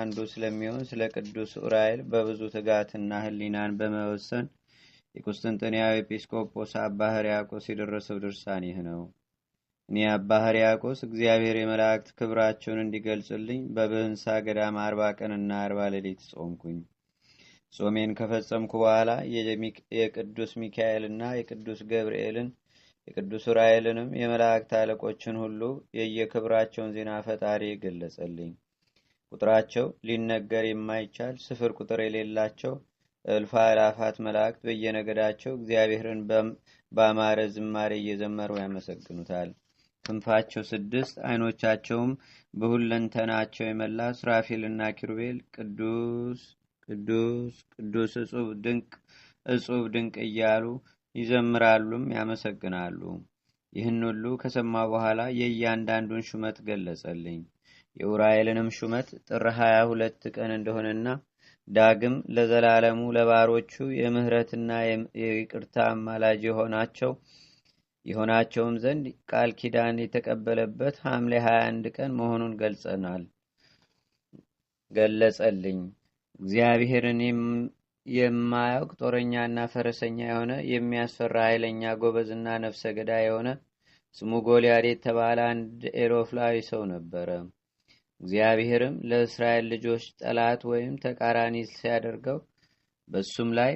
አንዱ ስለሚሆን ስለ ቅዱስ ኡራኤል በብዙ ትጋትና ህሊናን በመወሰን የቁስጥንጥንያው ኤጲስቆጶስ አባ ሕርያቆስ የደረሰው ድርሳን ይህ ነው። እኔ አባ ሕርያቆስ እግዚአብሔር የመላእክት ክብራቸውን እንዲገልጽልኝ በብህንሳ ገዳም አርባ ቀንና አርባ ሌሊት ጾምኩኝ። ጾሜን ከፈጸምኩ በኋላ የቅዱስ ሚካኤልና የቅዱስ ገብርኤልን የቅዱስ ራይልንም የመላእክት አለቆችን ሁሉ የየክብራቸውን ዜና ፈጣሪ ገለጸልኝ። ቁጥራቸው ሊነገር የማይቻል ስፍር ቁጥር የሌላቸው እልፍ አእላፋት መላእክት በየነገዳቸው እግዚአብሔርን በአማረ ዝማሬ እየዘመሩ ያመሰግኑታል። ክንፋቸው ስድስት አይኖቻቸውም በሁለንተናቸው የመላ ስራፊልና ኪሩቤል ቅዱስ ቅዱስ ቅዱስ እጹብ ድንቅ እጹብ ድንቅ እያሉ ይዘምራሉም ያመሰግናሉ። ይህን ሁሉ ከሰማ በኋላ የእያንዳንዱን ሹመት ገለጸልኝ። የኡራኤልንም ሹመት ጥር 22 ቀን እንደሆነና ዳግም ለዘላለሙ ለባሮቹ የምህረትና የይቅርታ አማላጅ የሆናቸው የሆናቸውም ዘንድ ቃል ኪዳን የተቀበለበት ሐምሌ 21 ቀን መሆኑን ገልጸናል ገለጸልኝ እግዚአብሔርን የማያውቅ ጦረኛና ፈረሰኛ የሆነ የሚያስፈራ ኃይለኛ ጎበዝና ነፍሰ ገዳ የሆነ ስሙ ጎልያድ የተባለ አንድ ኤሮፍላዊ ሰው ነበረ እግዚአብሔርም ለእስራኤል ልጆች ጠላት ወይም ተቃራኒ ሲያደርገው በሱም ላይ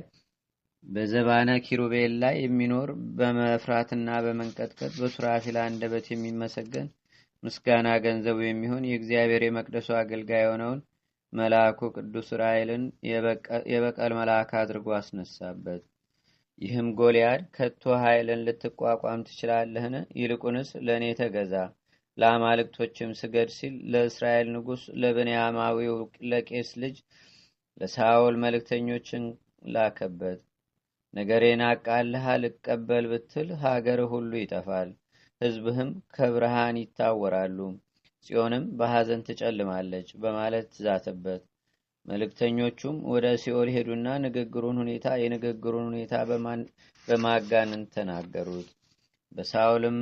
በዘባነ ኪሩቤል ላይ የሚኖር በመፍራትና በመንቀጥቀጥ በሱራፊል አንደበት የሚመሰገን ምስጋና ገንዘቡ የሚሆን የእግዚአብሔር የመቅደሱ አገልጋይ የሆነውን መልአኩ ቅዱስ ራኤልን የበቀል መልአክ አድርጎ አስነሳበት። ይህም ጎልያድ ከቶ ኃይልን ልትቋቋም ትችላለህን? ይልቁንስ ለእኔ ተገዛ ለአማልክቶችም ስገድ ሲል ለእስራኤል ንጉሥ ለብንያማዊው ለቄስ ልጅ ለሳውል መልእክተኞችን ላከበት። ነገሬን አቃልህ ልቀበል ብትል ሀገር ሁሉ ይጠፋል፣ ህዝብህም ከብርሃን ይታወራሉ፣ ጽዮንም በሐዘን ትጨልማለች በማለት ትዛተበት መልእክተኞቹም ወደ ሲኦል ሄዱና ንግግሩን ሁኔታ የንግግሩን ሁኔታ በማጋነን ተናገሩት። በሳውልም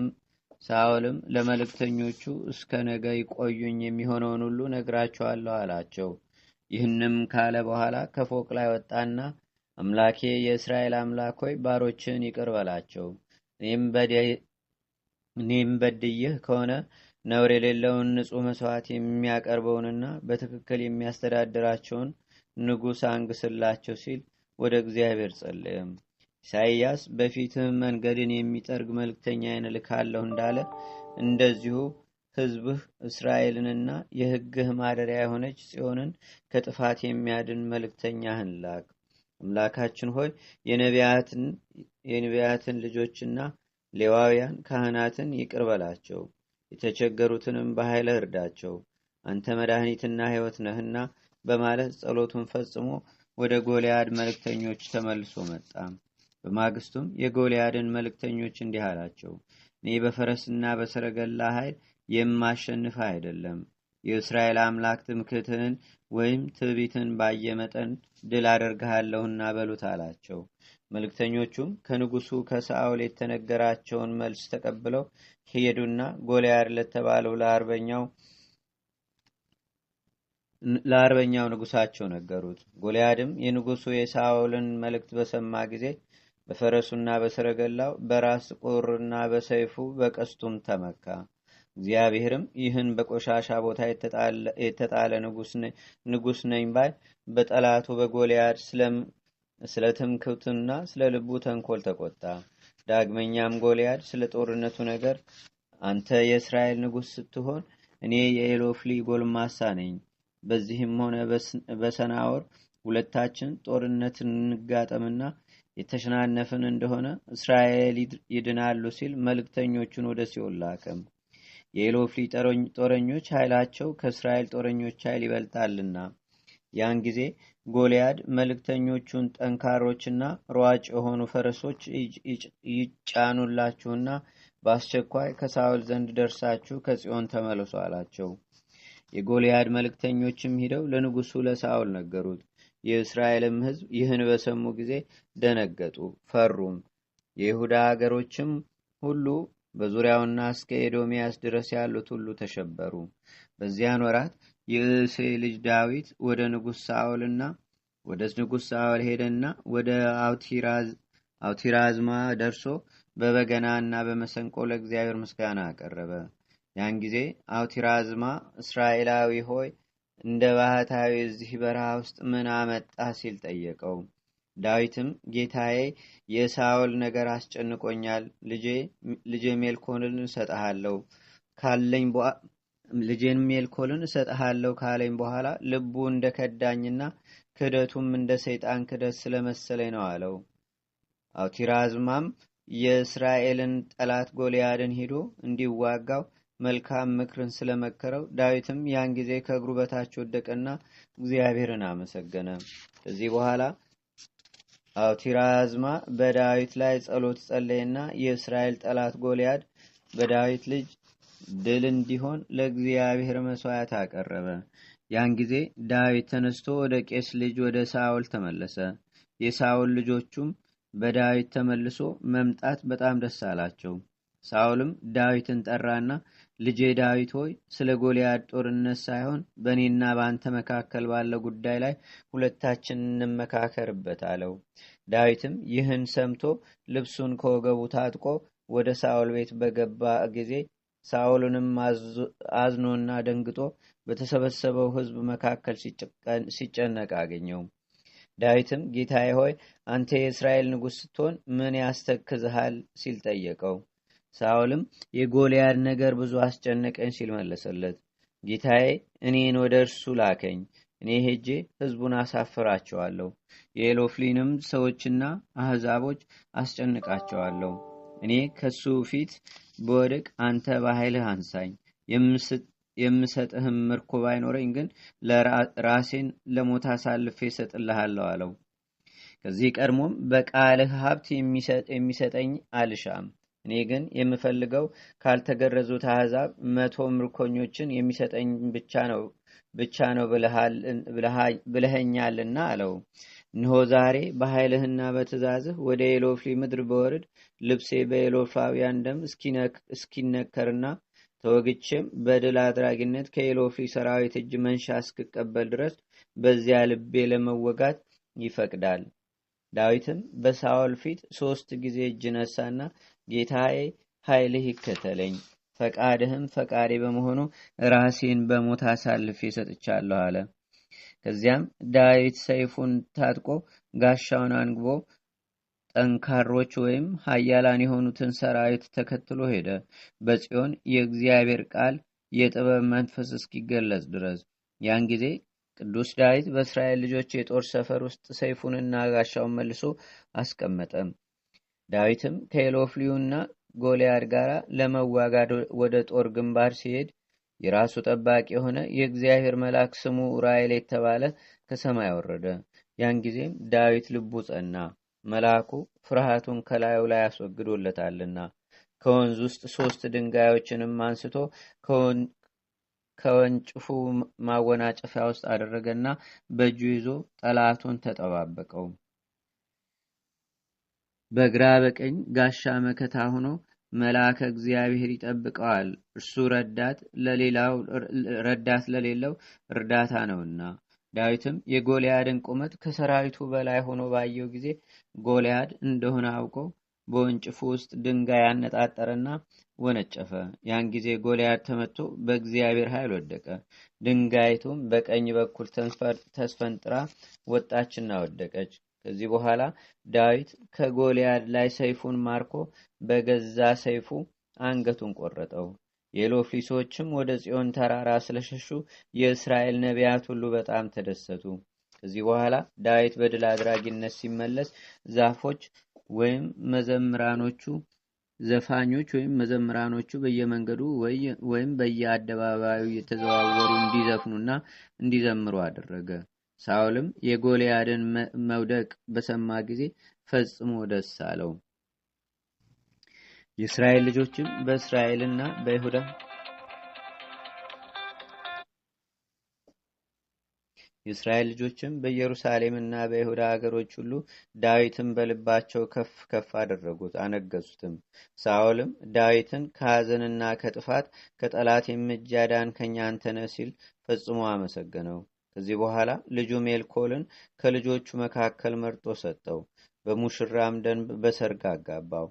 ሳኦልም ለመልእክተኞቹ እስከ ነገ ይቆዩኝ የሚሆነውን ሁሉ ነግራቸዋለሁ አላቸው። ይህንም ካለ በኋላ ከፎቅ ላይ ወጣና አምላኬ የእስራኤል አምላክ ሆይ ባሮችን ይቅር በላቸው፣ እኔም በድየህ ከሆነ ነውር የሌለውን ንጹሕ መስዋዕት የሚያቀርበውንና በትክክል የሚያስተዳድራቸውን ንጉሥ አንግስላቸው ሲል ወደ እግዚአብሔር ጸልየም። ኢሳይያስ በፊትህም መንገድን የሚጠርግ መልእክተኛ እልካለሁ እንዳለ እንደዚሁ ህዝብህ እስራኤልንና የህግህ ማደሪያ የሆነች ጽዮንን ከጥፋት የሚያድን መልእክተኛህን ላክ። አምላካችን ሆይ የነቢያትን ልጆችና ሌዋውያን ካህናትን ይቅር በላቸው፣ የተቸገሩትንም በኃይለ እርዳቸው፣ አንተ መድኃኒትና ሕይወት ነህና በማለት ጸሎቱን ፈጽሞ ወደ ጎልያድ መልእክተኞች ተመልሶ መጣ። በማግስቱም የጎልያድን መልእክተኞች እንዲህ አላቸው፣ እኔ በፈረስና በሰረገላ ኃይል የማሸንፍ አይደለም። የእስራኤል አምላክ ትምክትህን ወይም ትቢትን ባየ መጠን ድል አደርግሃለሁና በሉት አላቸው። መልእክተኞቹም ከንጉሱ ከሳኦል የተነገራቸውን መልስ ተቀብለው ሄዱና ጎልያድ ለተባለው ለአርበኛው ለአርበኛው ንጉሳቸው ነገሩት። ጎልያድም የንጉሱ የሳውልን መልእክት በሰማ ጊዜ በፈረሱና በሰረገላው በራስ ቁርና በሰይፉ በቀስቱም ተመካ። እግዚአብሔርም ይህን በቆሻሻ ቦታ የተጣለ ንጉሥ ነኝ ባይ በጠላቱ በጎልያድ ስለ ትምክህቱና ስለ ልቡ ተንኮል ተቆጣ። ዳግመኛም ጎልያድ ስለ ጦርነቱ ነገር አንተ የእስራኤል ንጉሥ ስትሆን እኔ የኤሎፍሊ ጎልማሳ ነኝ። በዚህም ሆነ በሰናወር ሁለታችን ጦርነት እንጋጠምና የተሸናነፍን እንደሆነ እስራኤል ይድናሉ ሲል መልእክተኞቹን ወደ ሲኦል ላከም። የኤሎፍሊ ጦረኞች ኃይላቸው ከእስራኤል ጦረኞች ኃይል ይበልጣልና ያን ጊዜ ጎልያድ መልእክተኞቹን ጠንካሮችና ሯጭ የሆኑ ፈረሶች ይጫኑላችሁና በአስቸኳይ ከሳውል ዘንድ ደርሳችሁ ከጽዮን ተመልሶ አላቸው። የጎልያድ መልእክተኞችም ሂደው ለንጉሱ ለሳውል ነገሩት። የእስራኤልም ህዝብ ይህን በሰሙ ጊዜ ደነገጡ፣ ፈሩም። የይሁዳ አገሮችም ሁሉ በዙሪያውና እስከ ኤዶምያስ ድረስ ያሉት ሁሉ ተሸበሩ። በዚያን ወራት የእሴ ልጅ ዳዊት ወደ ንጉሥ ሳኦልና ወደ ንጉሥ ሳኦል ሄደና ወደ አውቲራዝማ ደርሶ በበገና እና በመሰንቆ ለእግዚአብሔር ምስጋና አቀረበ። ያን ጊዜ አውቲራዝማ እስራኤላዊ ሆይ እንደ ባህታዊ እዚህ በረሃ ውስጥ ምን አመጣ ሲል ጠየቀው። ዳዊትም ጌታዬ፣ የሳውል ነገር አስጨንቆኛል። ልጄ ሜልኮልን እሰጠሃለሁ ካለኝ ልጄን ሜልኮልን እሰጥሃለሁ ካለኝ በኋላ ልቡ እንደ ከዳኝና ክደቱም እንደ ሰይጣን ክደት ስለመሰለኝ ነው አለው። አውቲራዝማም የእስራኤልን ጠላት ጎልያድን ሂዶ እንዲዋጋው መልካም ምክርን ስለመከረው ዳዊትም ያን ጊዜ ከእግሩ በታች ወደቀና እግዚአብሔርን አመሰገነ። ከዚህ በኋላ አውቲራዝማ በዳዊት ላይ ጸሎት ጸለየና የእስራኤል ጠላት ጎልያድ በዳዊት ልጅ ድል እንዲሆን ለእግዚአብሔር መስዋዕት አቀረበ። ያን ጊዜ ዳዊት ተነስቶ ወደ ቄስ ልጅ ወደ ሳውል ተመለሰ። የሳውል ልጆቹም በዳዊት ተመልሶ መምጣት በጣም ደስ አላቸው። ሳውልም ዳዊትን ጠራና ልጄ ዳዊት ሆይ ስለ ጎልያድ ጦርነት ሳይሆን በእኔና በአንተ መካከል ባለው ጉዳይ ላይ ሁለታችን እንመካከርበት አለው። ዳዊትም ይህን ሰምቶ ልብሱን ከወገቡ ታጥቆ ወደ ሳኦል ቤት በገባ ጊዜ ሳኦልንም አዝኖና ደንግጦ በተሰበሰበው ህዝብ መካከል ሲጨነቅ አገኘው። ዳዊትም ጌታዬ ሆይ አንተ የእስራኤል ንጉሥ ስትሆን ምን ያስተክዝሃል? ሲል ጠየቀው። ሳኦልም የጎልያድ ነገር ብዙ አስጨነቀኝ ሲል መለሰለት። ጌታዬ እኔን ወደ እርሱ ላከኝ፣ እኔ ሄጄ ህዝቡን አሳፍራቸዋለሁ፣ የኤሎፍሊንም ሰዎችና አህዛቦች አስጨንቃቸዋለሁ። እኔ ከሱ ፊት በወድቅ አንተ በኃይልህ አንሳኝ፣ የምሰጥህም ምርኮ ባይኖረኝ ግን ራሴን ለሞት አሳልፌ ይሰጥልሃለሁ አለው። ከዚህ ቀድሞም በቃልህ ሀብት የሚሰጠኝ አልሻም እኔ ግን የምፈልገው ካልተገረዙት አሕዛብ መቶ ምርኮኞችን የሚሰጠኝ ብቻ ነው ብቻ ነው ብለኸኛልና አለው። እንሆ ዛሬ በኃይልህና በትእዛዝህ ወደ ኤሎፍሊ ምድር በወርድ ልብሴ በኤሎፍላውያን ደም እስኪነከርና ተወግቼም በድል አድራጊነት ከኤሎፍሊ ሰራዊት እጅ መንሻ እስክቀበል ድረስ በዚያ ልቤ ለመወጋት ይፈቅዳል። ዳዊትም በሳኦል ፊት ሶስት ጊዜ እጅ ነሳና ጌታዬ ኃይልህ ይከተለኝ ፈቃድህም ፈቃዴ በመሆኑ ራሴን በሞት አሳልፌ ሰጥቻለሁ አለ። ከዚያም ዳዊት ሰይፉን ታጥቆ ጋሻውን አንግቦ ጠንካሮች ወይም ሀያላን የሆኑትን ሰራዊት ተከትሎ ሄደ። በጽዮን የእግዚአብሔር ቃል የጥበብ መንፈስ እስኪገለጽ ድረስ ያን ጊዜ ቅዱስ ዳዊት በእስራኤል ልጆች የጦር ሰፈር ውስጥ ሰይፉንና ጋሻውን መልሶ አስቀመጠ። ዳዊትም ከኤሎፍሊዩና ጎልያድ ጋር ለመዋጋድ ወደ ጦር ግንባር ሲሄድ የራሱ ጠባቂ የሆነ የእግዚአብሔር መልአክ ስሙ ራኤል የተባለ ከሰማይ አወረደ። ያን ጊዜም ዳዊት ልቡ ጸና፣ መልአኩ ፍርሃቱን ከላዩ ላይ አስወግዶለታልና። ከወንዝ ውስጥ ሶስት ድንጋዮችንም አንስቶ ከወንጭፉ ማወናጨፊያ ውስጥ አደረገና በእጁ ይዞ ጠላቱን ተጠባበቀው። በግራ በቀኝ ጋሻ መከታ ሆኖ መልአከ እግዚአብሔር ይጠብቀዋል። እርሱ ረዳት ለሌለው እርዳታ ነውና። ዳዊትም የጎልያድን ቁመት ከሰራዊቱ በላይ ሆኖ ባየው ጊዜ ጎልያድ እንደሆነ አውቆ በወንጭፉ ውስጥ ድንጋይ አነጣጠረና ወነጨፈ። ያን ጊዜ ጎልያድ ተመቶ በእግዚአብሔር ኃይል ወደቀ። ድንጋይቱም በቀኝ በኩል ተስፈንጥራ ወጣችና ወደቀች። ከዚህ በኋላ ዳዊት ከጎልያድ ላይ ሰይፉን ማርኮ በገዛ ሰይፉ አንገቱን ቆረጠው። የሎፍሊ ሰዎችም ወደ ጽዮን ተራራ ስለሸሹ የእስራኤል ነቢያት ሁሉ በጣም ተደሰቱ። ከዚህ በኋላ ዳዊት በድል አድራጊነት ሲመለስ ዛፎች ወይም መዘምራኖቹ ዘፋኞች ወይም መዘምራኖቹ በየመንገዱ ወይም በየአደባባዩ የተዘዋወሩ እንዲዘፍኑና እንዲዘምሩ አደረገ። ሳውልም የጎልያድን መውደቅ በሰማ ጊዜ ፈጽሞ ደስ አለው። የእስራኤል ልጆችም በእስራኤልና በይሁዳ የእስራኤል ልጆችም በኢየሩሳሌምና በይሁዳ አገሮች ሁሉ ዳዊትን በልባቸው ከፍ ከፍ አደረጉት፣ አነገሱትም። ሳኦልም ዳዊትን ከሐዘንና ከጥፋት ከጠላት የምጃዳን ያዳንከኝ ሲል ፈጽሞ አመሰገነው። ከዚህ በኋላ ልጁ ሜልኮልን ከልጆቹ መካከል መርጦ ሰጠው፣ በሙሽራም ደንብ በሰርግ አጋባው።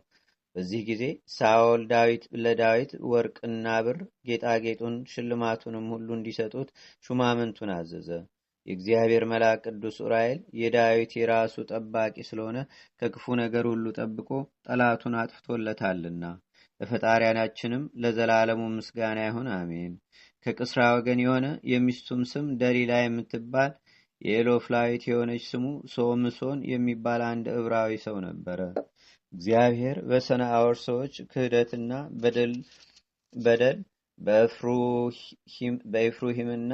በዚህ ጊዜ ሳኦል ዳዊት ለዳዊት ወርቅና ብር ጌጣጌጡን፣ ሽልማቱንም ሁሉ እንዲሰጡት ሹማምንቱን አዘዘ። የእግዚአብሔር መልአክ ቅዱስ ዑራኤል የዳዊት የራሱ ጠባቂ ስለሆነ ከክፉ ነገር ሁሉ ጠብቆ ጠላቱን አጥፍቶለታልና ለፈጣሪያናችንም ለዘላለሙ ምስጋና ይሁን አሜን። ከቅስራ ወገን የሆነ የሚስቱም ስም ደሊላ የምትባል የኤሎፍላዊት የሆነች ስሙ ሶምሶን የሚባል አንድ እብራዊ ሰው ነበረ። እግዚአብሔር በሰነአወር ሰዎች ክህደትና በደል በኤፍሩሂምና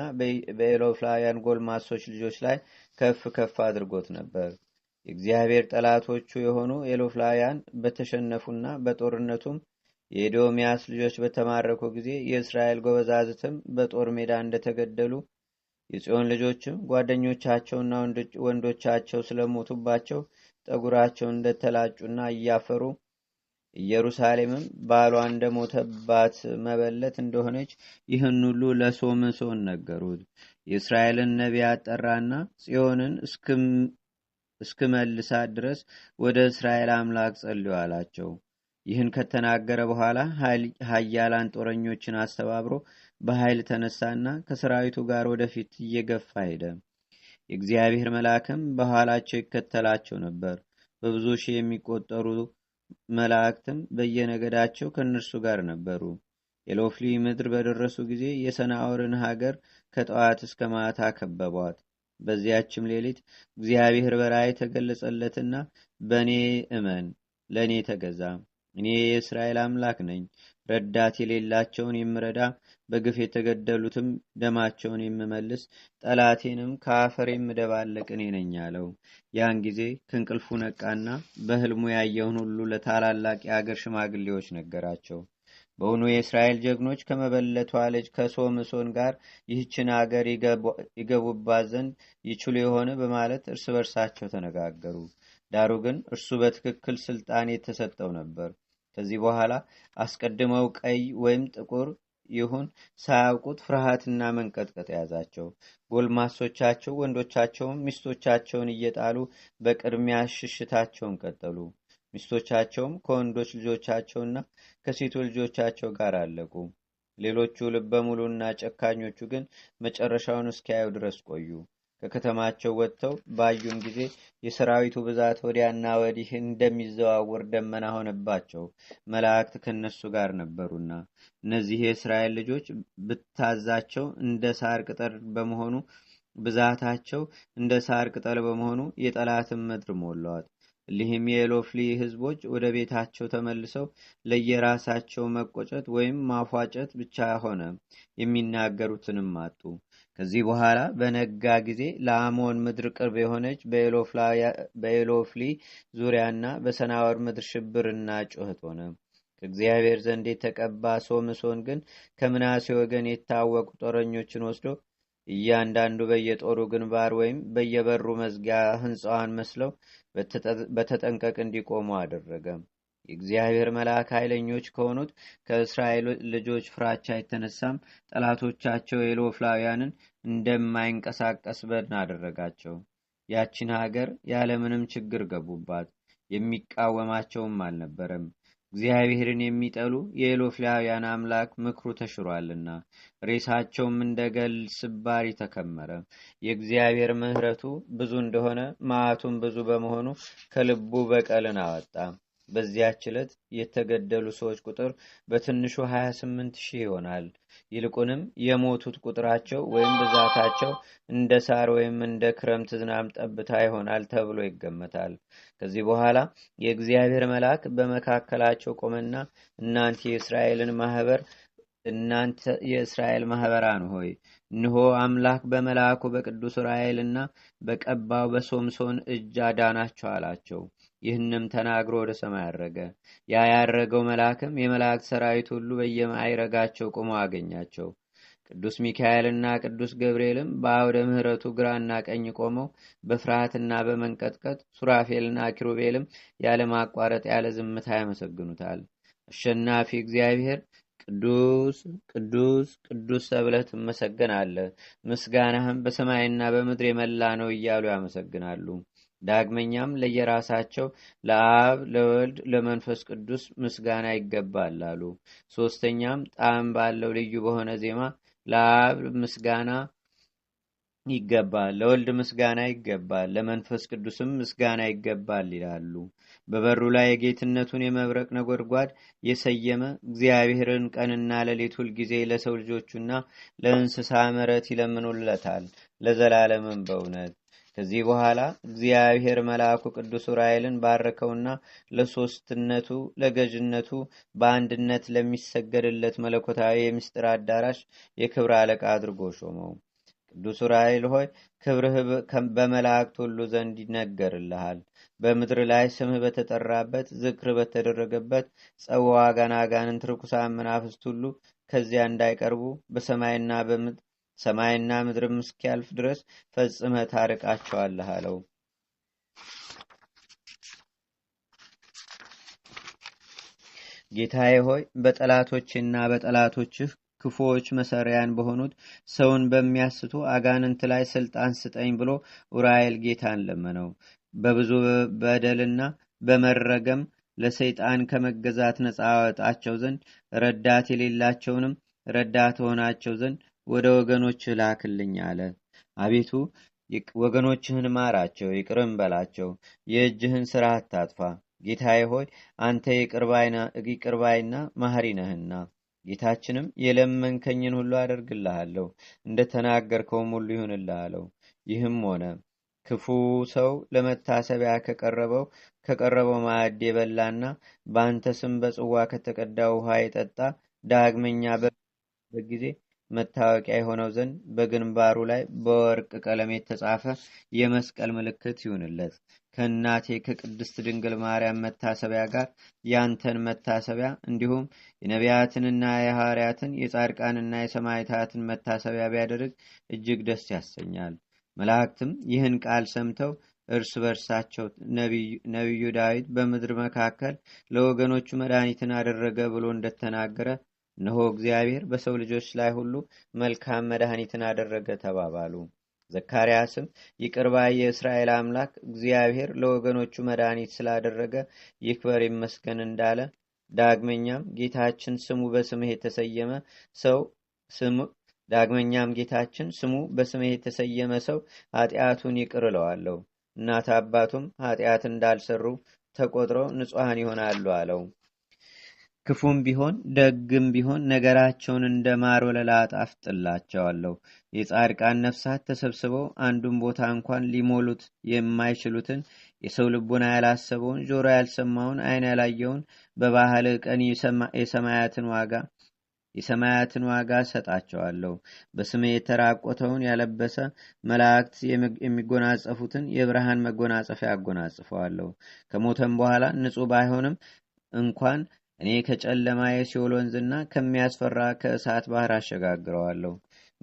በኤሎፍላውያን ጎልማሶች ልጆች ላይ ከፍ ከፍ አድርጎት ነበር። የእግዚአብሔር ጠላቶቹ የሆኑ ኤሎፍላውያን በተሸነፉና በጦርነቱም የኤዶምያስ ልጆች በተማረኩ ጊዜ የእስራኤል ጎበዛዝትም በጦር ሜዳ እንደተገደሉ የጽዮን ልጆችም ጓደኞቻቸውና ወንዶቻቸው ስለሞቱባቸው ጠጉራቸውን እንደተላጩና እያፈሩ ኢየሩሳሌምም ባሏ እንደሞተባት መበለት እንደሆነች ይህን ሁሉ ለሶምሶን ነገሩት። የእስራኤልን ነቢያት ጠራና ጽዮንን እስክመልሳት ድረስ ወደ እስራኤል አምላክ ጸልዩ አላቸው። ይህን ከተናገረ በኋላ ሀያላን ጦረኞችን አስተባብሮ በኃይል ተነሳና ከሰራዊቱ ጋር ወደፊት እየገፋ ሄደ። የእግዚአብሔር መልአክም በኋላቸው ይከተላቸው ነበር። በብዙ ሺህ የሚቆጠሩ መላእክትም በየነገዳቸው ከእነርሱ ጋር ነበሩ። የሎፍሊ ምድር በደረሱ ጊዜ የሰናዖርን ሀገር ከጠዋት እስከ ማታ ከበቧት። በዚያችም ሌሊት እግዚአብሔር በራእይ ተገለጸለትና በእኔ እመን፣ ለእኔ ተገዛም እኔ የእስራኤል አምላክ ነኝ፣ ረዳት የሌላቸውን የምረዳ በግፍ የተገደሉትም ደማቸውን የምመልስ ጠላቴንም ከአፈር የምደባለቅ እኔ ነኝ አለው። ያን ጊዜ ከእንቅልፉ ነቃና በህልሙ ያየውን ሁሉ ለታላላቅ የአገር ሽማግሌዎች ነገራቸው። በውኑ የእስራኤል ጀግኖች ከመበለቷ ልጅ ከሶምሶን ጋር ይህችን አገር ይገቡባት ዘንድ ይችሉ የሆነ በማለት እርስ በርሳቸው ተነጋገሩ። ዳሩ ግን እርሱ በትክክል ስልጣን የተሰጠው ነበር። ከዚህ በኋላ አስቀድመው ቀይ ወይም ጥቁር ይሁን ሳያውቁት ፍርሃትና መንቀጥቀጥ የያዛቸው ጎልማሶቻቸው ወንዶቻቸውም ሚስቶቻቸውን እየጣሉ በቅድሚያ ሽሽታቸውን ቀጠሉ። ሚስቶቻቸውም ከወንዶች ልጆቻቸውና ከሴቶ ልጆቻቸው ጋር አለቁ። ሌሎቹ ልበ ጨካኞቹ ግን መጨረሻውን እስኪያዩ ድረስ ቆዩ። ከከተማቸው ወጥተው ባዩን ጊዜ የሰራዊቱ ብዛት ወዲያና ወዲህ እንደሚዘዋወር ደመና ሆነባቸው፣ መላእክት ከነሱ ጋር ነበሩና። እነዚህ የእስራኤል ልጆች ብታዛቸው እንደ ሳር ቅጠል በመሆኑ ብዛታቸው እንደ ሳር ቅጠል በመሆኑ የጠላትን ምድር ሞላዋት። እሊህም የሎፍሊ ህዝቦች ወደ ቤታቸው ተመልሰው ለየራሳቸው መቆጨት ወይም ማፏጨት ብቻ ሆነ፣ የሚናገሩትንም አጡ። ከዚህ በኋላ በነጋ ጊዜ ለአሞን ምድር ቅርብ የሆነች በኤሎፍሊ ዙሪያና በሰናወር ምድር ሽብርና ጩኸት ሆነ። ከእግዚአብሔር ዘንድ የተቀባ ሶምሶን ግን ከምናሴ ወገን የታወቁ ጦረኞችን ወስዶ እያንዳንዱ በየጦሩ ግንባር ወይም በየበሩ መዝጊያ ህንፃዋን መስለው በተጠንቀቅ እንዲቆሙ አደረገ። የእግዚአብሔር መልአክ ኃይለኞች ከሆኑት ከእስራኤል ልጆች ፍራቻ አይተነሳም ጠላቶቻቸው የሎፍላውያንን እንደማይንቀሳቀስ በድን አደረጋቸው። ያችን ሀገር ያለምንም ችግር ገቡባት። የሚቃወማቸውም አልነበረም። እግዚአብሔርን የሚጠሉ የሎፍላውያን አምላክ ምክሩ ተሽሯልና ሬሳቸውም እንደ ገል ስባሪ ተከመረ። የእግዚአብሔር ምህረቱ ብዙ እንደሆነ መዓቱም ብዙ በመሆኑ ከልቡ በቀልን አወጣ። በዚያች ዕለት የተገደሉ ሰዎች ቁጥር በትንሹ 28 ሺህ ይሆናል። ይልቁንም የሞቱት ቁጥራቸው ወይም ብዛታቸው እንደ ሳር ወይም እንደ ክረምት ዝናብ ጠብታ ይሆናል ተብሎ ይገመታል። ከዚህ በኋላ የእግዚአብሔር መልአክ በመካከላቸው ቆመና እናንተ የእስራኤልን ማህበር እናንተ የእስራኤል ማህበራን ሆይ እንሆ አምላክ በመልአኩ በቅዱስ ራኤልና በቀባው በሶምሶን እጅ አዳናቸው አላቸው። ይህንም ተናግሮ ወደ ሰማይ አረገ። ያ ያረገው መልአክም የመላእክት ሰራዊት ሁሉ በየማይረጋቸው ቆመው አገኛቸው። ቅዱስ ሚካኤልና ቅዱስ ገብርኤልም በአውደ ምህረቱ ግራና ቀኝ ቆመው በፍርሃትና በመንቀጥቀጥ ሱራፌልና ኪሩቤልም ያለ ማቋረጥ ያለ ዝምታ ያመሰግኑታል። አሸናፊ እግዚአብሔር ቅዱስ ቅዱስ ቅዱስ ተብለህ ትመሰገናለህ፣ ምስጋናህም በሰማይና በምድር የመላ ነው እያሉ ያመሰግናሉ። ዳግመኛም ለየራሳቸው ለአብ ለወልድ ለመንፈስ ቅዱስ ምስጋና ይገባል አሉ። ሶስተኛም ጣዕም ባለው ልዩ በሆነ ዜማ ለአብ ምስጋና ይገባል፣ ለወልድ ምስጋና ይገባል፣ ለመንፈስ ቅዱስም ምስጋና ይገባል ይላሉ። በበሩ ላይ የጌትነቱን የመብረቅ ነጎድጓድ የሰየመ እግዚአብሔርን ቀንና ሌሊት ሁልጊዜ ለሰው ልጆቹና ለእንስሳ መረት ይለምኑለታል ለዘላለምም በእውነት ከዚህ በኋላ እግዚአብሔር መልአኩ ቅዱስ ዑራኤልን ባረከውና ለሶስትነቱ ለገዥነቱ በአንድነት ለሚሰገድለት መለኮታዊ የምስጢር አዳራሽ የክብር አለቃ አድርጎ ሾመው። ቅዱስ ዑራኤል ሆይ ክብርህ በመላእክት ሁሉ ዘንድ ይነገርልሃል። በምድር ላይ ስምህ በተጠራበት ዝክር በተደረገበት ጸዋ ጋናጋንን ትርኩሳን መናፍስት ሁሉ ከዚያ እንዳይቀርቡ በሰማይና ሰማይና ምድርም እስኪያልፍ ድረስ ፈጽመ ታርቃቸዋለህ አለው። ጌታዬ ሆይ በጠላቶችና በጠላቶችህ ክፉዎች መሰሪያን በሆኑት ሰውን በሚያስቱ አጋንንት ላይ ስልጣን ስጠኝ ብሎ ኡራኤል ጌታን ለመነው። በብዙ በደልና በመረገም ለሰይጣን ከመገዛት ነፃ ወጣቸው ዘንድ ረዳት የሌላቸውንም ረዳት ሆናቸው ዘንድ ወደ ወገኖችህ ላክልኝ አለ። አቤቱ ወገኖችህን ማራቸው፣ ይቅርም በላቸው፣ የእጅህን ሥራ አታጥፋ። ጌታዬ ሆይ አንተ ይቅርባይና ማህሪ ነህና ጌታችንም የለመንከኝን ሁሉ አደርግልሃለሁ፣ እንደ ተናገርከውም ሁሉ ይሁንልሃለሁ። ይህም ሆነ ክፉ ሰው ለመታሰቢያ ከቀረበው ከቀረበው ማዕድ የበላና በአንተ ስም በጽዋ ከተቀዳ ውሃ የጠጣ ዳግመኛ በጊዜ መታወቂያ የሆነው ዘንድ በግንባሩ ላይ በወርቅ ቀለም የተጻፈ የመስቀል ምልክት ይሁንለት። ከእናቴ ከቅድስት ድንግል ማርያም መታሰቢያ ጋር ያንተን መታሰቢያ እንዲሁም የነቢያትንና የሐዋርያትን የጻድቃንና የሰማዕታትን መታሰቢያ ቢያደርግ እጅግ ደስ ያሰኛል። መላእክትም ይህን ቃል ሰምተው እርስ በርሳቸው ነቢዩ ዳዊት በምድር መካከል ለወገኖቹ መድኃኒትን አደረገ ብሎ እንደተናገረ እነሆ እግዚአብሔር በሰው ልጆች ላይ ሁሉ መልካም መድኃኒትን አደረገ ተባባሉ። ዘካርያስም ይቅርባ የእስራኤል አምላክ እግዚአብሔር ለወገኖቹ መድኃኒት ስላደረገ ይክበር ይመስገን እንዳለ፣ ዳግመኛም ጌታችን ስሙ በስምህ የተሰየመ ሰው ስሙ ዳግመኛም ጌታችን ስሙ በስምህ የተሰየመ ሰው ኃጢአቱን ይቅር እለዋለሁ፣ እናት አባቱም ኃጢአት እንዳልሰሩ ተቆጥረው ንጹሐን ይሆናሉ አለው። ክፉም ቢሆን ደግም ቢሆን ነገራቸውን እንደ ማር ወለላ አጣፍጥላቸዋለሁ። የጻድቃን ነፍሳት ተሰብስበው አንዱን ቦታ እንኳን ሊሞሉት የማይችሉትን የሰው ልቡና ያላሰበውን ጆሮ ያልሰማውን ዓይን ያላየውን በባህል ቀን የሰማያትን ዋጋ የሰማያትን ዋጋ ሰጣቸዋለሁ። በስሜ የተራቆተውን ያለበሰ መላእክት የሚጎናጸፉትን የብርሃን መጎናጸፊያ አጎናጽፈዋለሁ። ከሞተም በኋላ ንጹሕ ባይሆንም እንኳን እኔ ከጨለማ የሲኦል ወንዝና ከሚያስፈራ ከእሳት ባህር አሸጋግረዋለሁ።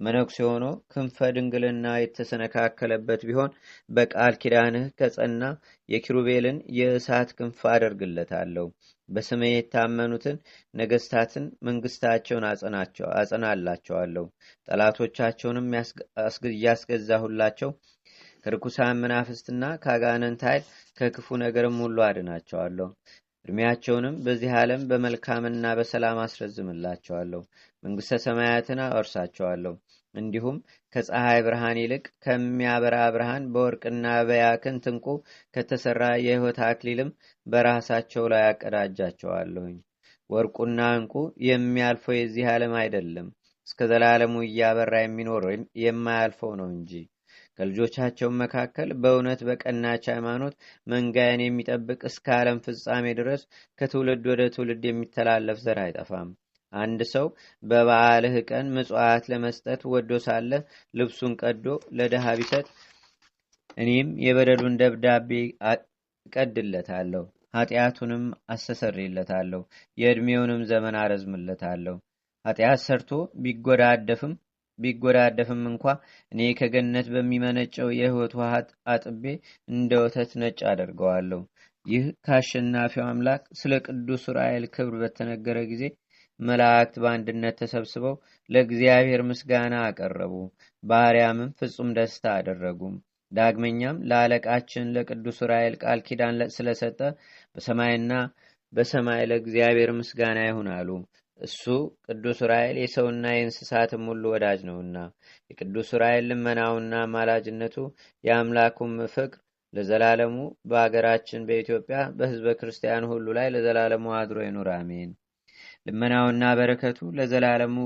መነኩሴ ሆኖ ክንፈ ድንግልና የተሰነካከለበት ቢሆን በቃል ኪዳንህ ከጸና የኪሩቤልን የእሳት ክንፍ አደርግለታለሁ። በስሜ የታመኑትን ነገስታትን መንግስታቸውን አጸናላቸዋለሁ። ጠላቶቻቸውንም እያስገዛሁላቸው ከርኩሳን መናፍስትና ከአጋንንት ኃይል ከክፉ ነገርም ሁሉ አድናቸዋለሁ። ዕድሜያቸውንም በዚህ ዓለም በመልካምና በሰላም አስረዝምላቸዋለሁ፣ መንግሥተ ሰማያትን አወርሳቸዋለሁ። እንዲሁም ከፀሐይ ብርሃን ይልቅ ከሚያበራ ብርሃን በወርቅና በያክንት እንቁ ከተሠራ የሕይወት አክሊልም በራሳቸው ላይ አቀዳጃቸዋለሁኝ። ወርቁና ዕንቁ የሚያልፈው የዚህ ዓለም አይደለም፣ እስከ ዘላለሙ እያበራ የሚኖር የማያልፈው ነው እንጂ ከልጆቻቸውም መካከል በእውነት በቀናች ሃይማኖት መንጋያን የሚጠብቅ እስከ ዓለም ፍጻሜ ድረስ ከትውልድ ወደ ትውልድ የሚተላለፍ ዘር አይጠፋም። አንድ ሰው በበዓልህ ቀን ምጽዋት ለመስጠት ወዶ ሳለ ልብሱን ቀዶ ለድሃ ቢሰጥ እኔም የበደሉን ደብዳቤ እቀድለታለሁ፣ ኃጢአቱንም አስተሰሪለታለሁ የዕድሜውንም ዘመን አረዝምለታለሁ። ኃጢአት ሰርቶ ቢጎዳደፍም ቢጎዳደፍም እንኳ እኔ ከገነት በሚመነጨው የህይወት ውሃ አጥቤ እንደ ወተት ነጭ አደርገዋለሁ። ይህ ከአሸናፊው አምላክ ስለ ቅዱስ ራኤል ክብር በተነገረ ጊዜ መላእክት በአንድነት ተሰብስበው ለእግዚአብሔር ምስጋና አቀረቡ። ባህርያምም ፍጹም ደስታ አደረጉም። ዳግመኛም ለአለቃችን ለቅዱስ ራኤል ቃል ኪዳን ስለሰጠ በሰማይና በሰማይ ለእግዚአብሔር ምስጋና ይሁን አሉ። እሱ ቅዱስ ራኤል የሰውና የእንስሳትም ሁሉ ወዳጅ ነውና የቅዱስ ራኤል ልመናውና ማላጅነቱ የአምላኩም ፍቅር ለዘላለሙ በአገራችን በኢትዮጵያ በህዝበ ክርስቲያን ሁሉ ላይ ለዘላለሙ አድሮ ይኑር። አሜን። ልመናውና በረከቱ ለዘላለሙ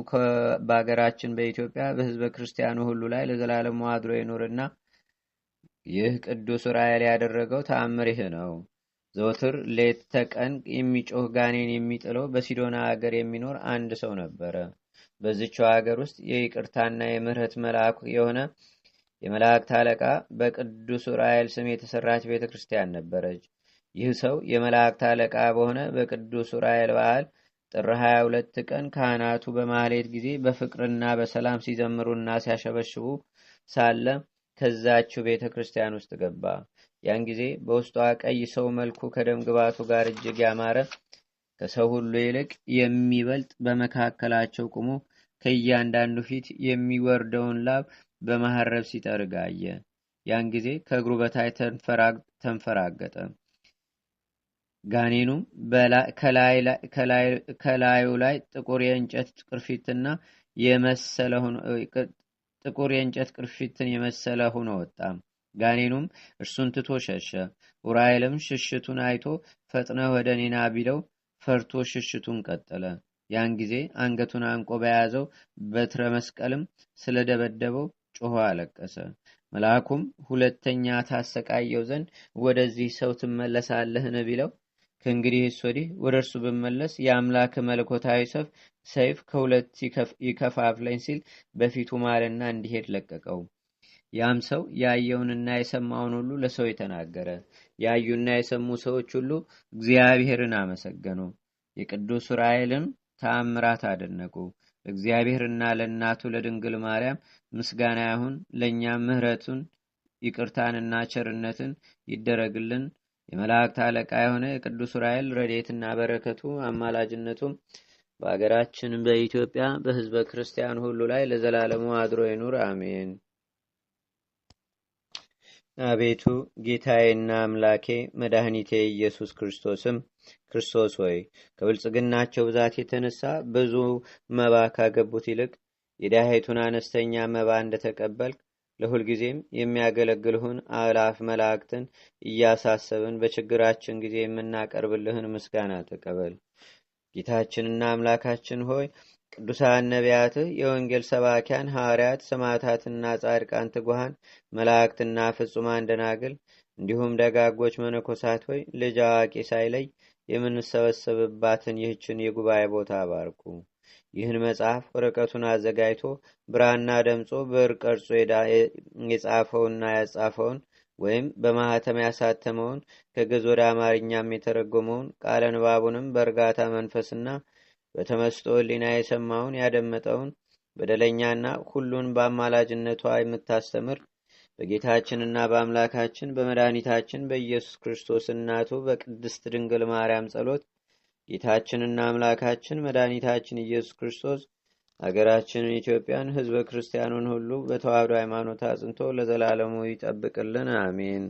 በአገራችን በኢትዮጵያ በህዝበ ክርስቲያኑ ሁሉ ላይ ለዘላለሙ አድሮ ይኑርና ይህ ቅዱስ ራኤል ያደረገው ተአምር ይህ ነው። ዘወትር ሌት ተቀን የሚጮህ ጋኔን የሚጥለው በሲዶና አገር የሚኖር አንድ ሰው ነበረ። በዝችው አገር ውስጥ የይቅርታና የምህረት መልአኩ የሆነ የመላእክት አለቃ በቅዱስ ራኤል ስም የተሰራች ቤተ ክርስቲያን ነበረች። ይህ ሰው የመላእክት አለቃ በሆነ በቅዱስ ራኤል በዓል ጥር 22 ቀን ካህናቱ በማህሌት ጊዜ በፍቅርና በሰላም ሲዘምሩና ሲያሸበሽቡ ሳለ ከዛችው ቤተ ክርስቲያን ውስጥ ገባ። ያን ጊዜ በውስጧ ቀይ ሰው መልኩ ከደም ግባቱ ጋር እጅግ ያማረ ከሰው ሁሉ ይልቅ የሚበልጥ በመካከላቸው ቁሞ ከእያንዳንዱ ፊት የሚወርደውን ላብ በማሐረብ ሲጠርግ አየ። ያን ጊዜ ከእግሩ በታይ ተንፈራገጠ። ጋኔኑም ከላዩ ላይ ጥቁር የእንጨት ቅርፊትና የመሰለ ጥቁር የእንጨት ቅርፊትን የመሰለ ሆኖ ወጣም። ጋኔኑም እርሱን ትቶ ሸሸ። ኡራኤልም ሽሽቱን አይቶ ፈጥነ ወደ ኔና ቢለው ፈርቶ ሽሽቱን ቀጠለ። ያን ጊዜ አንገቱን አንቆ በያዘው በትረ መስቀልም ስለደበደበው ጮሆ አለቀሰ። መልአኩም ሁለተኛ ታሰቃየው ዘንድ ወደዚህ ሰው ትመለሳለህን ቢለው እሱ ወዲህ ወደ እርሱ ብመለስ የአምላክ መለኮታዊ ሰፍ ሰይፍ ከሁለት ይከፋፍለኝ ሲል በፊቱ ማለና እንዲሄድ ለቀቀው። ያም ሰው ያየውንና የሰማውን ሁሉ ለሰው የተናገረ ያዩና የሰሙ ሰዎች ሁሉ እግዚአብሔርን አመሰገኑ የቅዱስ ራኤልም ተአምራት አደነቁ እግዚአብሔርና ለእናቱ ለድንግል ማርያም ምስጋና ያሁን ለእኛም ምህረቱን ይቅርታንና ቸርነትን ይደረግልን የመላእክት አለቃ የሆነ የቅዱስ ራኤል ረዴትና በረከቱ አማላጅነቱም በአገራችን በኢትዮጵያ በህዝበ ክርስቲያን ሁሉ ላይ ለዘላለሙ አድሮ ይኑር አሜን አቤቱ ጌታዬና አምላኬ መድኃኒቴ ኢየሱስ ክርስቶስም ክርስቶስ ሆይ ከብልጽግናቸው ብዛት የተነሳ ብዙ መባ ካገቡት ይልቅ የዳሄቱን አነስተኛ መባ እንደተቀበልክ ለሁልጊዜም የሚያገለግልሁን አላፍ መላእክትን እያሳሰብን በችግራችን ጊዜ የምናቀርብልህን ምስጋና ተቀበል። ጌታችንና አምላካችን ሆይ ቅዱሳን ነቢያት፣ የወንጌል ሰባኪያን ሐዋርያት፣ ሰማዕታትና ጻድቃን፣ ትጉሃን መላእክትና ፍጹማን ደናግል እንዲሁም ደጋጎች መነኮሳት ሆይ ልጅ አዋቂ ሳይለይ የምንሰበሰብባትን ይህችን የጉባኤ ቦታ አባርኩ። ይህን መጽሐፍ ወረቀቱን አዘጋጅቶ ብራና ደምጾ ብዕር ቀርጾ የጻፈውና ያጻፈውን ወይም በማህተም ያሳተመውን ከግዕዝ ወደ አማርኛም የተረጎመውን ቃለ ንባቡንም በእርጋታ መንፈስና በተመስጦ ሊና የሰማውን ያደመጠውን በደለኛና ሁሉን በአማላጅነቷ የምታስተምር በጌታችንና በአምላካችን በመድኃኒታችን በኢየሱስ ክርስቶስ እናቱ በቅድስት ድንግል ማርያም ጸሎት ጌታችንና አምላካችን መድኃኒታችን ኢየሱስ ክርስቶስ አገራችንን ኢትዮጵያን ህዝበ ክርስቲያኑን ሁሉ በተዋህዶ ሃይማኖት አጽንቶ ለዘላለሙ ይጠብቅልን አሜን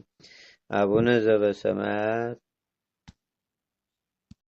አቡነ ዘበሰማያት